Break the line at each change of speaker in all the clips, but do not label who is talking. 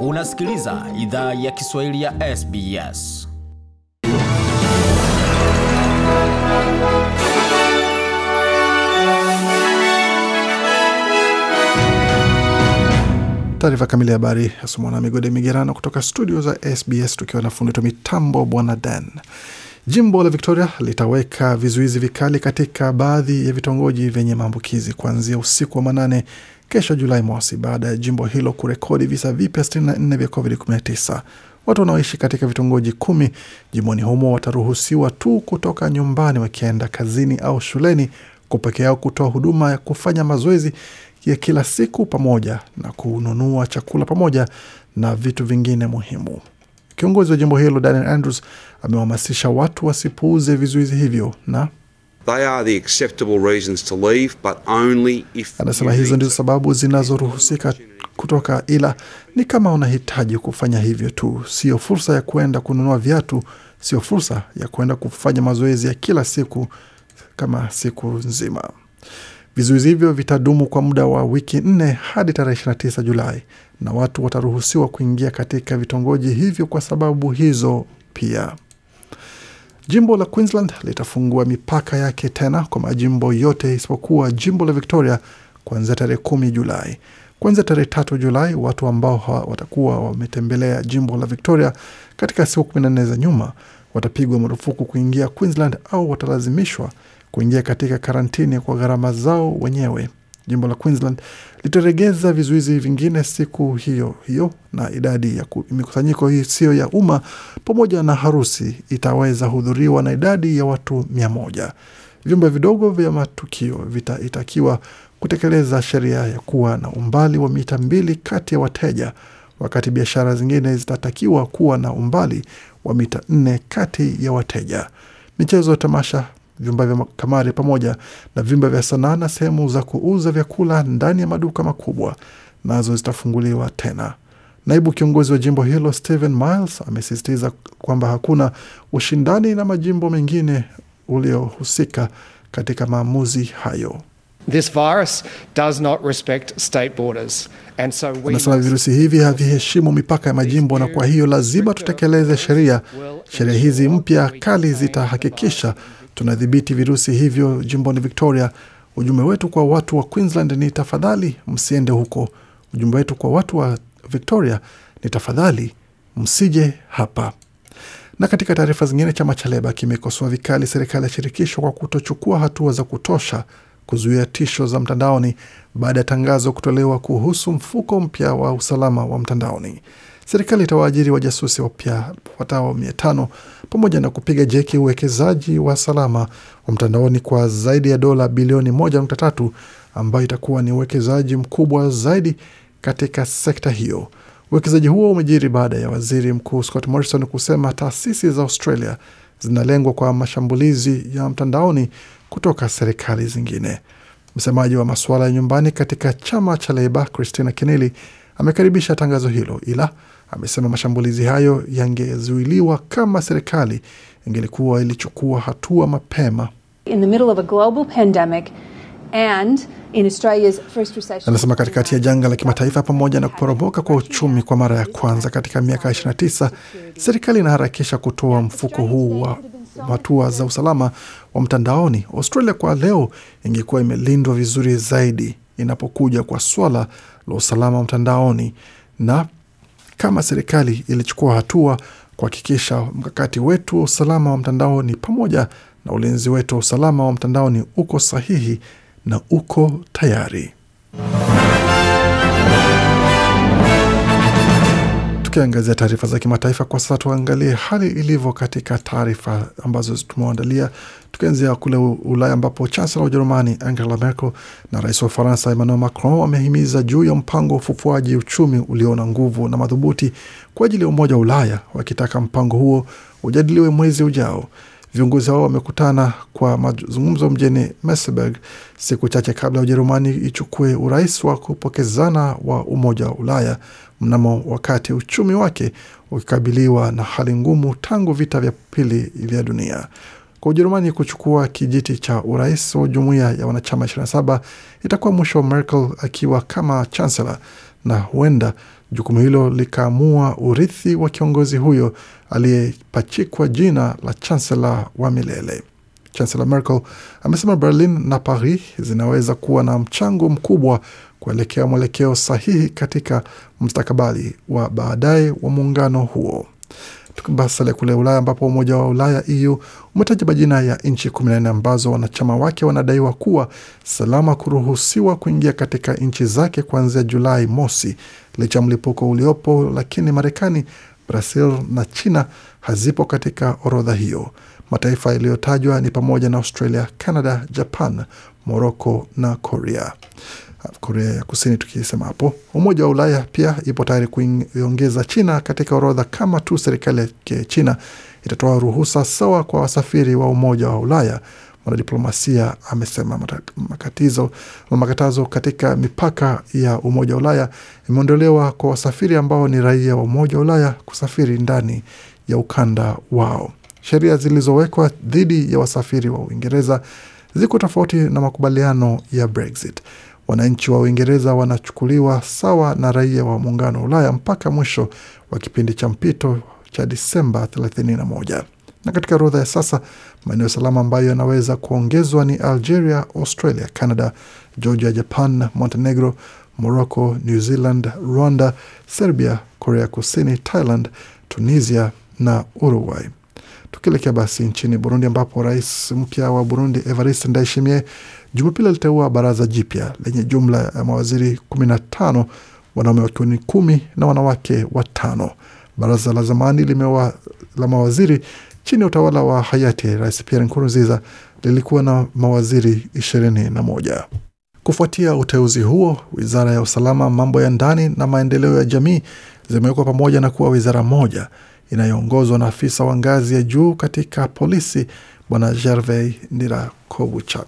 Unasikiliza idhaa ya Kiswahili ya SBS. Taarifa kamili ya habari yasomwa na Migode Migerano kutoka studio za SBS, tukiwa na fundi wetu mitambo Bwana Dan. Jimbo la Victoria litaweka vizuizi vikali katika baadhi ya vitongoji vyenye maambukizi kuanzia usiku wa manane kesho Julai mosi baada ya jimbo hilo kurekodi visa vipya 64 vya COVID-19. Watu wanaoishi katika vitongoji kumi jimboni humo wataruhusiwa tu kutoka nyumbani wakienda kazini au shuleni kwa peke yao, kutoa huduma ya kufanya mazoezi ya kila siku pamoja na kununua chakula pamoja na vitu vingine muhimu. Kiongozi wa jimbo hilo Daniel Andrews amewahamasisha watu wasipuuze vizuizi hivyo na Anasema hizo ndizo sababu zinazoruhusika kutoka, ila ni kama unahitaji kufanya hivyo tu. Sio fursa ya kwenda kununua viatu, sio fursa ya kwenda kufanya mazoezi ya kila siku kama siku nzima. Vizuizi hivyo vitadumu kwa muda wa wiki nne hadi tarehe 29 Julai, na watu wataruhusiwa kuingia katika vitongoji hivyo kwa sababu hizo pia. Jimbo la Queensland litafungua mipaka yake tena kwa majimbo yote isipokuwa jimbo la Victoria kuanzia tarehe kumi Julai. Kuanzia tarehe tatu Julai, watu ambao watakuwa wametembelea jimbo la Victoria katika siku kumi na nne za nyuma watapigwa marufuku kuingia Queensland au watalazimishwa kuingia katika karantini kwa gharama zao wenyewe jimbo la Queensland litaregeza vizuizi vingine siku hiyo hiyo, na idadi ya mikusanyiko isiyo ya umma pamoja na harusi itaweza hudhuriwa na idadi ya watu mia moja. Vyumba vidogo vya matukio vitatakiwa kutekeleza sheria ya kuwa na umbali wa mita mbili kati ya wateja, wakati biashara zingine zitatakiwa kuwa na umbali wa mita nne kati ya wateja. Michezo, tamasha vyumba vya kamari pamoja na vyumba vya sanaa na sehemu za kuuza vyakula ndani ya maduka makubwa nazo zitafunguliwa tena. Naibu kiongozi wa jimbo hilo Stephen Miles amesisitiza kwamba hakuna ushindani na majimbo mengine uliohusika katika maamuzi hayo. Anasema virusi hivi haviheshimu mipaka ya majimbo, na kwa hiyo lazima tutekeleze sheria. Sheria hizi mpya kali zitahakikisha tunadhibiti virusi hivyo jimboni Victoria. Ujumbe wetu kwa watu wa Queensland ni tafadhali msiende huko. Ujumbe wetu kwa watu wa Victoria ni tafadhali msije hapa. Na katika taarifa zingine, chama cha Leba kimekosoa vikali serikali ya shirikisho kwa kutochukua hatua za kutosha kuzuia tisho za mtandaoni baada ya tangazo kutolewa kuhusu mfuko mpya wa usalama wa mtandaoni. Serikali itawaajiri wajasusi wapya wapatao mia tano pamoja na kupiga jeki uwekezaji wa salama wa mtandaoni kwa zaidi ya dola bilioni moja nukta tatu ambayo itakuwa ni uwekezaji mkubwa zaidi katika sekta hiyo. Uwekezaji huo umejiri baada ya waziri mkuu Scott Morrison kusema taasisi za Australia zinalengwa kwa mashambulizi ya mtandaoni kutoka serikali zingine. Msemaji wa masuala ya nyumbani katika chama cha Leba, Christina Kinili, amekaribisha tangazo hilo, ila amesema mashambulizi hayo yangezuiliwa kama serikali ingelikuwa ilichukua hatua mapema. Anasema katikati ya janga la kimataifa pamoja na kuporomoka kwa uchumi kwa mara ya kwanza katika miaka 29, serikali inaharakisha kutoa mfuko huu wa hatua za usalama wa mtandaoni. Australia kwa leo ingekuwa imelindwa vizuri zaidi inapokuja kwa swala la usalama mtandaoni, na kama serikali ilichukua hatua kuhakikisha mkakati wetu wa usalama wa mtandaoni pamoja na ulinzi wetu wa usalama wa mtandaoni uko sahihi na uko tayari. Tukiangazia taarifa za kimataifa kwa sasa, tuangalie hali ilivyo katika taarifa ambazo tumeandalia, tukianzia kule Ulaya ambapo chansela wa Ujerumani Angela Merkel na rais wa Ufaransa Emmanuel Macron wamehimiza juu ya mpango wa ufufuaji uchumi ulio na nguvu na madhubuti kwa ajili ya Umoja wa Ulaya, wakitaka mpango huo ujadiliwe mwezi ujao. Viongozi hao wamekutana kwa mazungumzo mjini Meseberg siku chache kabla ya Ujerumani ichukue urais wa kupokezana wa Umoja wa Ulaya mnamo wakati uchumi wake ukikabiliwa na hali ngumu tangu vita vya pili vya dunia. Kwa Ujerumani kuchukua kijiti cha urais wa jumuiya ya wanachama 27 itakuwa mwisho wa Merkel akiwa kama chancellor na huenda jukumu hilo likaamua urithi wa kiongozi huyo aliyepachikwa jina la chancela wa milele. Chancela Merkel amesema Berlin na Paris zinaweza kuwa na mchango mkubwa kuelekea mwelekeo sahihi katika mstakabali wa baadaye wa muungano huo basa la kule Ulaya ambapo umoja wa Ulaya EU umetaja majina ya nchi nne ambazo wanachama wake wanadaiwa kuwa salama kuruhusiwa kuingia katika nchi zake kuanzia Julai mosi, licha mlipuko uliopo, lakini Marekani, Brazil na China hazipo katika orodha hiyo. Mataifa yaliyotajwa ni pamoja na Australia, Canada, Japan, moroko na Korea. Uh, Korea ya Kusini tukisema hapo. Umoja wa Ulaya pia ipo tayari kuiongeza China katika orodha kama tu serikali ya China itatoa ruhusa sawa kwa wasafiri wa Umoja wa Ulaya. Mwanadiplomasia amesema makatizo, makatazo katika mipaka ya Umoja wa Ulaya imeondolewa kwa wasafiri ambao ni raia wa Umoja wa Ulaya kusafiri ndani ya ukanda wao. Sheria zilizowekwa dhidi ya wasafiri wa Uingereza ziko tofauti na makubaliano ya Brexit. Wananchi wa Uingereza wanachukuliwa sawa na raia wa muungano wa Ulaya mpaka mwisho wa kipindi cha mpito cha Disemba 31. Na katika orodha ya sasa, maeneo salama ambayo yanaweza kuongezwa ni Algeria, Australia, Canada, Georgia, Japan, Montenegro, Morocco, New Zealand, Rwanda, Serbia, Korea Kusini, Thailand, Tunisia na Uruguay. Tukielekea basi nchini Burundi, ambapo rais mpya wa Burundi Evariste Ndayishimiye Jumapili aliteua baraza jipya lenye jumla ya mawaziri kumi na tano, wanaume wakiwa ni kumi na wanawake watano. Baraza la zamani limewa, la mawaziri chini ya utawala wa hayati Rais Pierre Nkurunziza lilikuwa na mawaziri ishirini na moja. Kufuatia uteuzi huo, wizara ya usalama, mambo ya ndani na maendeleo ya jamii zimewekwa pamoja na kuwa wizara moja inayoongozwa na afisa wa ngazi ya juu katika polisi Bwana Gervais Ndirakobucha.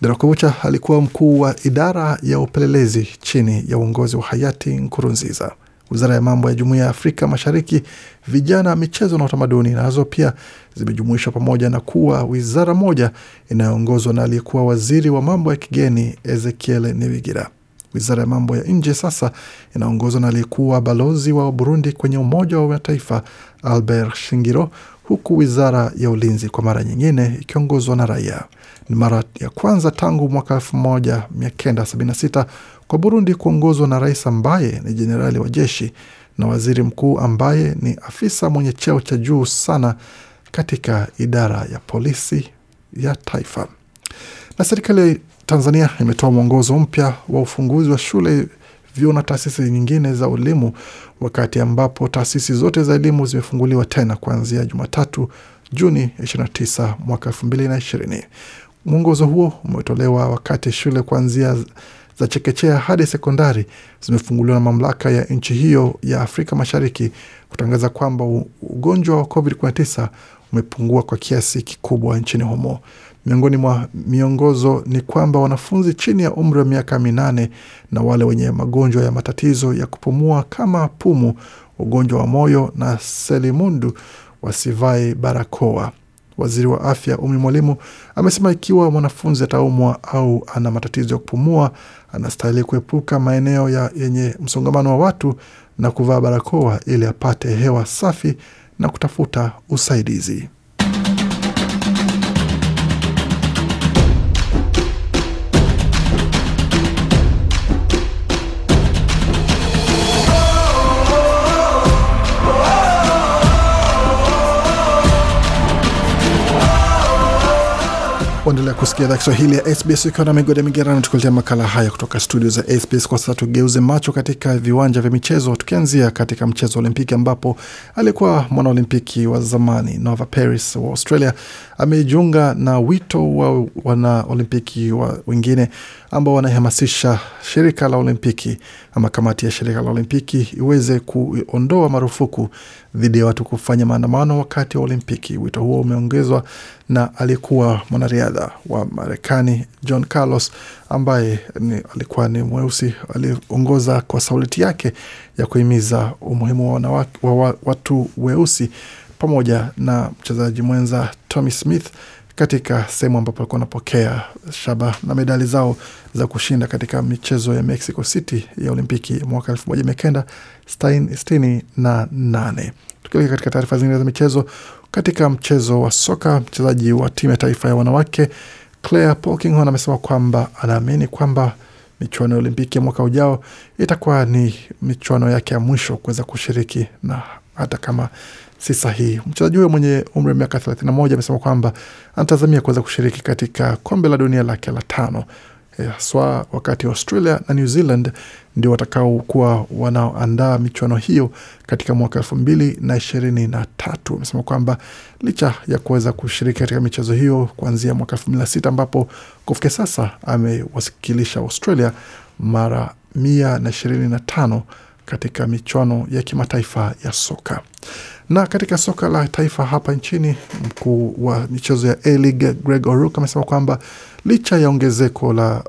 Ndirakobucha alikuwa mkuu wa idara ya upelelezi chini ya uongozi wa hayati Nkurunziza. Wizara ya mambo ya jumuiya ya Afrika Mashariki, vijana, michezo na utamaduni nazo pia zimejumuishwa pamoja na kuwa wizara moja inayoongozwa na aliyekuwa waziri wa mambo ya kigeni Ezekiel Niwigira. Wizara ya mambo ya nje sasa inaongozwa na aliyekuwa balozi wa Burundi kwenye Umoja wa Mataifa Albert Shingiro, huku wizara ya ulinzi kwa mara nyingine ikiongozwa na raia. Ni mara ya kwanza tangu mwaka 1976 kwa Burundi kuongozwa na rais ambaye ni jenerali wa jeshi na waziri mkuu ambaye ni afisa mwenye cheo cha juu sana katika idara ya polisi ya taifa. Na serikali Tanzania imetoa mwongozo mpya wa ufunguzi wa shule, vyuo na taasisi nyingine za elimu, wakati ambapo taasisi zote za elimu zimefunguliwa tena kuanzia Jumatatu Juni 29 mwaka 2020. Mwongozo huo umetolewa wakati shule kuanzia za chekechea hadi sekondari zimefunguliwa na mamlaka ya nchi hiyo ya Afrika Mashariki kutangaza kwamba ugonjwa wa COVID-19 umepungua kwa kiasi kikubwa nchini humo. Miongoni mwa miongozo ni kwamba wanafunzi chini ya umri wa miaka minane na wale wenye magonjwa ya matatizo ya kupumua kama pumu, ugonjwa wa moyo na selimundu wasivae barakoa. Waziri wa afya Umi Mwalimu amesema ikiwa mwanafunzi ataumwa au ana matatizo ya kupumua, anastahili kuepuka maeneo ya yenye msongamano wa watu na kuvaa barakoa ili apate hewa safi na kutafuta usaidizi. kuendelea kusikia idhaa Kiswahili ya SBS ukiwa na migode migerano, tukuletea makala haya kutoka studio za SBS. Kwa sasa tugeuze macho katika viwanja vya michezo, tukianzia katika mchezo wa Olimpiki ambapo alikuwa mwanaolimpiki wa zamani Nova Paris wa Australia amejiunga na wito wa wanaolimpiki wa wengine ambao wanahamasisha shirika la Olimpiki ama kamati ya shirika la Olimpiki iweze kuondoa marufuku dhidi ya watu kufanya maandamano wakati wa Olimpiki. Wito huo umeongezwa na aliyekuwa mwanariadha wa Marekani John Carlos ambaye ni, alikuwa ni mweusi aliongoza kwa sauti yake ya kuhimiza umuhimu wa, wa watu weusi pamoja na mchezaji mwenza Tommy Smith katika sehemu ambapo alikuwa anapokea shaba na medali zao za kushinda katika michezo ya Mexico City ya Olimpiki mwaka elfu moja mia kenda sitini na nane. Tukielekea katika taarifa zingine za michezo, katika mchezo wa soka, mchezaji wa timu ya taifa ya wanawake Claire Polkinghorne amesema kwamba anaamini kwamba michuano ya Olimpiki ya mwaka ujao itakuwa ni michuano yake ya mwisho kuweza kushiriki na hata kama si sahihi. Mchezaji huyo mwenye umri wa miaka 31 amesema kwamba anatazamia kuweza kushiriki katika kombe la dunia lake la tano eh, haswa e, wakati Australia na New Zealand ndio watakaokuwa wanaoandaa michuano hiyo katika mwaka elfu mbili na ishirini na tatu. Amesema kwamba licha ya kuweza kushiriki katika michezo hiyo kuanzia mwaka elfu mbili na sita ambapo kufikia sasa amewasikilisha Australia mara mia na ishirini na tano katika michuano ya kimataifa ya soka. Na katika soka la taifa hapa nchini, mkuu wa michezo ya A-League Greg Oruk amesema kwamba licha ya ongezeko la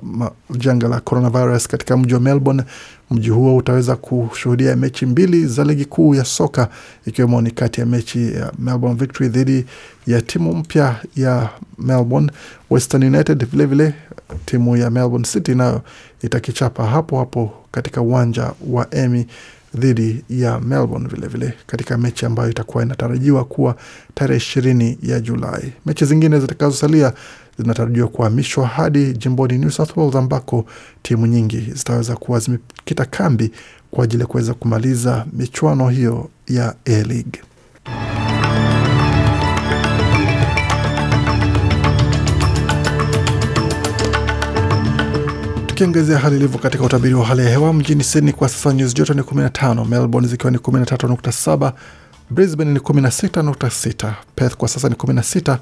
janga la coronavirus katika mji wa Melbourne, mji huo utaweza kushuhudia mechi mbili za ligi kuu ya soka, ikiwemo ni kati ya mechi ya Melbourne Victory dhidi ya timu mpya ya Melbourne Western United, vilevile timu ya Melbourne City nayo itakichapa hapo hapo katika uwanja wa Emi dhidi ya Melbourne vilevile vile, katika mechi ambayo itakuwa inatarajiwa kuwa tarehe ishirini ya Julai. Mechi zingine zitakazosalia zinatarajiwa kuhamishwa hadi jimboni New South Wales ambako timu nyingi zitaweza kuwa zimekita kambi kwa ajili ya kuweza kumaliza michuano hiyo ya A-League. Tukiangazia hali ilivyo katika utabiri wa hali ya hewa mjini Sydney kwa sasa nyuzi joto ni 15, Melbourne zikiwa ni 13.7, Brisbane ni 16.6, Perth kwa sasa ni 16,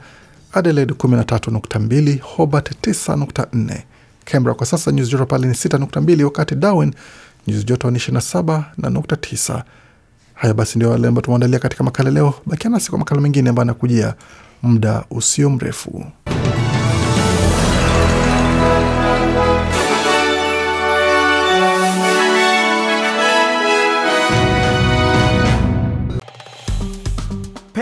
Adelaide 13.2, Hobart 9.4, Canberra kwa sasa nyuzi joto pale ni 6.2, wakati Darwin nyuzi joto ni 27.9. Haya basi, ndio yale ambayo tumeandalia katika makala leo. Bakia nasi kwa makala mengine ambayo anakujia muda usio mrefu.